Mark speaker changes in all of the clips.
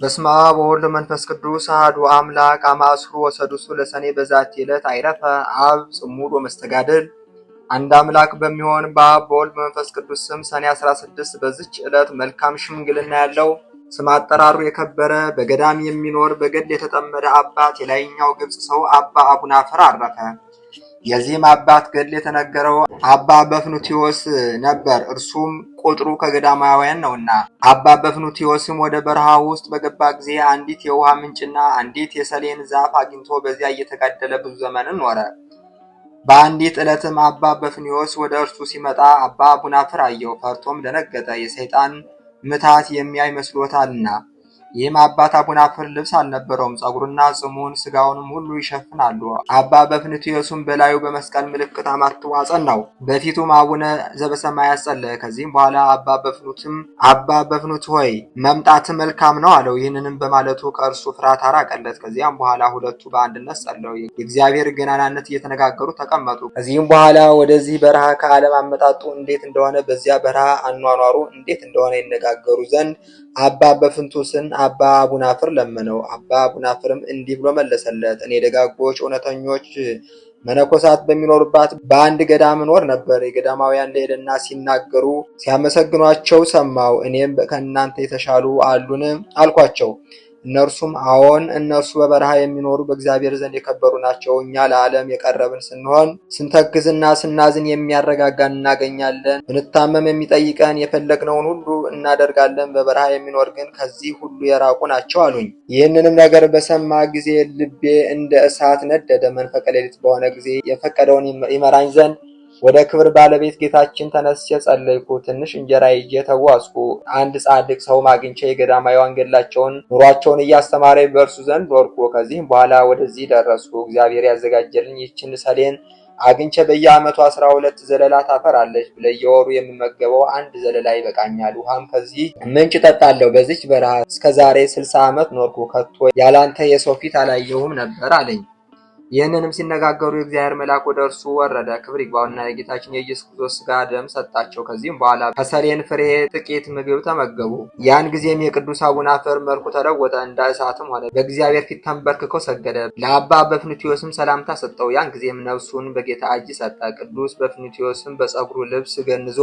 Speaker 1: በስመ አብ ወወልድ ወመንፈስ ቅዱስ አሐዱ አምላክ አማስሩ ወሰዱሱ ለሰኔ በዛቲ ዕለት አይረፈ አብ ጽሙድ ወመስተጋድል። አንድ አምላክ በሚሆን በአብ በወልድ በመንፈስ ቅዱስ ስም ሰኔ 16 በዚች ዕለት መልካም ሽምግልና ያለው ስም አጠራሩ የከበረ በገዳም የሚኖር በገድል የተጠመደ አባት የላይኛው ግብፅ ሰው አባ አፈር አረፈ። የዚህም አባት ገድል የተነገረው አባ በፍኑትዮስ ነበር። እርሱም ቁጥሩ ከገዳማውያን ነውና። አባ በፍኑቲዮስም ወደ በረሃ ውስጥ በገባ ጊዜ አንዲት የውሃ ምንጭና አንዲት የሰሌን ዛፍ አግኝቶ በዚያ እየተጋደለ ብዙ ዘመንን ኖረ። በአንዲት ዕለትም አባ በፍኑዮስ ወደ እርሱ ሲመጣ አባ ቡናፍር አየው፣ ፈርቶም ደነገጠ፣ የሰይጣን ምታት የሚያይ መስሎታልና። ይህም አባት አቡናፍር ልብስ አልነበረውም። ጸጉሩና ጽሙን ስጋውንም ሁሉ ይሸፍናሉ። አባ በፍንትዮሱም በላዩ በመስቀል ምልክት አማትቦ አጸናው። በፊቱም አቡነ ዘበሰማያት ጸለየ። ከዚህም በኋላ አባ በፍኑትም አባ በፍኑት ሆይ መምጣት መልካም ነው አለው። ይህንንም በማለቱ ከእርሱ ፍርሃት አራቀለት። ከዚያም በኋላ ሁለቱ በአንድነት ጸለው የእግዚአብሔር ገናናነት እየተነጋገሩ ተቀመጡ። ከዚህም በኋላ ወደዚህ በረሃ ከዓለም አመጣጡ እንዴት እንደሆነ በዚያ በረሃ አኗኗሩ እንዴት እንደሆነ ይነጋገሩ ዘንድ አባ በፍንቱስን አባ ቡናፍር ለመነው። አባ ቡናፍርም እንዲህ ብሎ መለሰለት፣ እኔ ደጋጎች እውነተኞች መነኮሳት በሚኖሩባት በአንድ ገዳም እኖር ነበር። የገዳማውያን ልሄድና ሲናገሩ ሲያመሰግኗቸው ሰማው። እኔም ከእናንተ የተሻሉ አሉን አልኳቸው። እነርሱም አዎን እነርሱ በበረሃ የሚኖሩ በእግዚአብሔር ዘንድ የከበሩ ናቸው። እኛ ለዓለም የቀረብን ስንሆን ስንተክዝና ስናዝን የሚያረጋጋን እናገኛለን። ብንታመም የሚጠይቀን የፈለግነውን ሁሉ እናደርጋለን። በበረሃ የሚኖር ግን ከዚህ ሁሉ የራቁ ናቸው አሉኝ። ይህንንም ነገር በሰማ ጊዜ ልቤ እንደ እሳት ነደደ። መንፈቀ ሌሊት በሆነ ጊዜ የፈቀደውን ይመራኝ ዘንድ ወደ ክብር ባለቤት ጌታችን ተነስቼ ጸለይኩ። ትንሽ እንጀራ ይዤ ተጓዝኩ። አንድ ጻድቅ ሰውም አግኝቼ የገዳማውያን ገድላቸውን ኑሯቸውን እያስተማረ በእርሱ ዘንድ ኖርኩ። ከዚህም በኋላ ወደዚህ ደረስኩ። እግዚአብሔር ያዘጋጀልኝ ይችን ሰሌን አግኝቼ በየዓመቱ አስራ ሁለት ዘለላ ታፈራለች። ለየወሩ የምመገበው አንድ ዘለላ ይበቃኛል። ውሃም ከዚህ ምንጭ ጠጣለሁ። በዚች በረሃ እስከ ዛሬ ስልሳ ዓመት ኖርኩ። ከቶ ያላንተ የሰው ፊት አላየሁም ነበር አለኝ። ይህንንም ሲነጋገሩ የእግዚአብሔር መልአክ ወደ እርሱ ወረደ። ክብር ይግባውና የጌታችን የኢየሱስ ክርስቶስ ስጋ ደም ሰጣቸው። ከዚህም በኋላ ከሰሌን ፍሬ ጥቂት ምግብ ተመገቡ። ያን ጊዜም የቅዱስ አቡነ አፈር መልኩ ተለወጠ፣ እንደ እሳትም ሆነ። በእግዚአብሔር ፊት ተንበርክከው ሰገደ። ለአባ በፍንትዮስም ሰላምታ ሰጠው። ያን ጊዜም ነፍሱን በጌታ እጅ ሰጠ። ቅዱስ በፍንቲዮስም በጸጉሩ ልብስ ገንዞ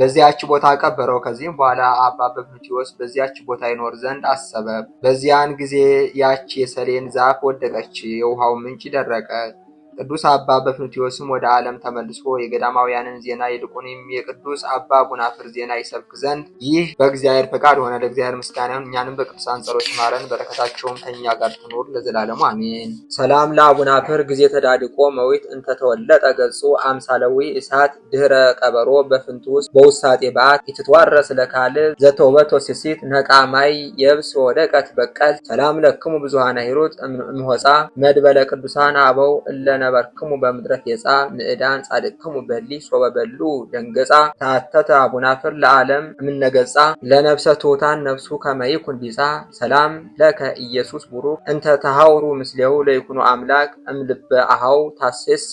Speaker 1: በዚያች ቦታ ቀበረው። ከዚህም በኋላ አባ በፍኑትዮስ በዚያች ቦታ ይኖር ዘንድ አሰበ። በዚያን ጊዜ ያች የሰሌን ዛፍ ወደቀች፣ የውሃው ምንጭ ደረቀ። ቅዱስ አባ በፍንቲዎስም ወደ ዓለም ተመልሶ የገዳማውያንን ዜና ይልቁንም የቅዱስ አባ ቡናፍር ዜና ይሰብክ ዘንድ ይህ በእግዚአብሔር ፈቃድ ሆነ። ለእግዚአብሔር ምስጋና ይሁን። እኛንም በቅዱሳን ጸሎት ማረን በረከታቸውም ከኛ ጋር ትኖር ለዘላለሙ አሜን። ሰላም ለአቡናፍር ጊዜ ተዳድቆ መዊት እንተተወለጠ ገጹ አምሳለዊ እሳት ድህረ ቀበሮ በፍንቱ ውስጥ በውሳጤ በዓት ኢትትዋረስ ስለካል ዘተውበቶ ሲሲት ነቃማይ የብስ ቀት በቀል ሰላም ለክሙ ብዙሃነ ሂሩት እምሆፃ መድበለ ቅዱሳን አበው እለነ ነበር-ክሙ በምድረ ፌፃ ንእዳን ጻድቅክሙ በሊ ሶበ በሉ ደንገጻ ተአተተ አቡናፍር ለዓለም እምነገጻ ለነብሰ ቶታን ነፍሱ ከመይኩን ቢጻ ሰላም ለከ ኢየሱስ ቡሩክ እንተ ተሃውሩ ምስሌሁ ለይኩኑ አምላክ እምልበ አሃው ታሴሲ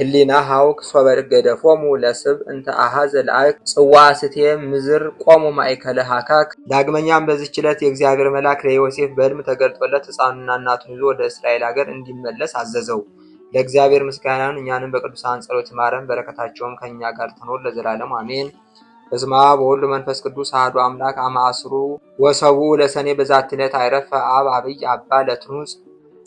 Speaker 1: ህሊና ሀውክ ሶበር ገደፎሙ ለስብ እንተ አሃዘ ለአክ ጽዋ ስቴ ምዝር ቆሙ ማይከለ ሃካክ። ዳግመኛም በዚች ዕለት የእግዚአብሔር መልአክ ለዮሴፍ በሕልም ተገልጦለት ሕፃኑና እናቱን ይዞ ወደ እስራኤል ሀገር እንዲመለስ አዘዘው። ለእግዚአብሔር ምስጋናን እኛንም በቅዱሳን ጸሎት ማረን፣ በረከታቸውም ከእኛ ጋር ትኖር ለዘላለም አሜን። በስመ አብ ወወልድ መንፈስ ቅዱስ አሐዱ አምላክ አማስሩ ወሰቡ ለሰኔ በዛቲ ዕለት አይረፈ አብ አብይ አባ ለትኑስ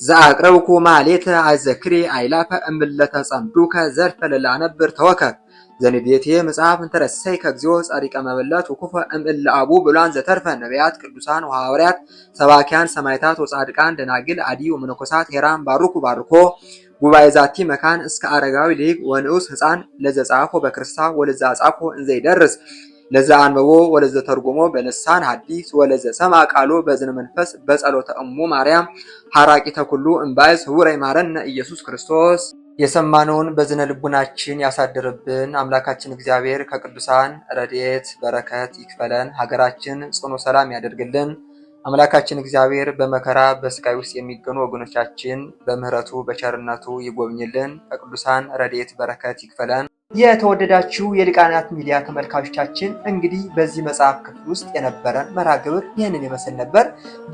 Speaker 1: ዘአቅረብኩ ማሌተ አዘክሬ አይላፈ እምለተ ጸምዱከ ዘርፈ ለላነብር ተወከብ ዘንዴቴ መጽሐፍ እንተረሰይ ከእግዚኦ ጻድቀ መበለት ወኩፈ እምእለ አቡ ብሏን ዘተርፈ ነቢያት ቅዱሳን ወሐዋርያት ሰባኪያን ሰማይታት ወጻድቃን ደናግል አዲ ወመነኮሳት ሄራን ባርኩ ባርኮ ጉባኤ ዛቲ መካን እስከ አረጋዊ ሊግ ወንዑስ ህፃን ለዘጻፎ በክርስታ ወለዛ ጻፎ እንዘይደርስ ለዛ አንበቦ ወለዘ ተርጉሞ በልሳን ሐዲስ ወለዘ ሰማ ቃሎ በዝነ መንፈስ በጸሎተ እሙ ማርያም ሐራቂ ተኩሉ እምባይ ስውረይ ማረነ ኢየሱስ ክርስቶስ የሰማነውን በዝነ ልቡናችን ያሳድርብን። አምላካችን እግዚአብሔር ከቅዱሳን ረድኤት በረከት ይክፈለን። ሀገራችን ጽኑ ሰላም ያደርግልን። አምላካችን እግዚአብሔር በመከራ በስቃይ ውስጥ የሚገኙ ወገኖቻችን በምህረቱ በቸርነቱ ይጎብኝልን። ከቅዱሳን ረድኤት በረከት ይክፈለን። የተወደዳችሁ የልቃናት ሚዲያ ተመልካቾቻችን እንግዲህ በዚህ መጽሐፍ ክፍል ውስጥ የነበረን መርሃ ግብር ይህንን ይመስል ነበር።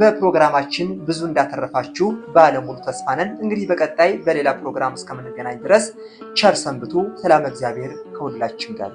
Speaker 1: በፕሮግራማችን ብዙ እንዳተረፋችሁ ባለሙሉ ተስፋ ነን። እንግዲህ በቀጣይ በሌላ ፕሮግራም እስከምንገናኝ ድረስ ቸር ሰንብቱ። ሰላም፣ እግዚአብሔር ከሁላችን ጋር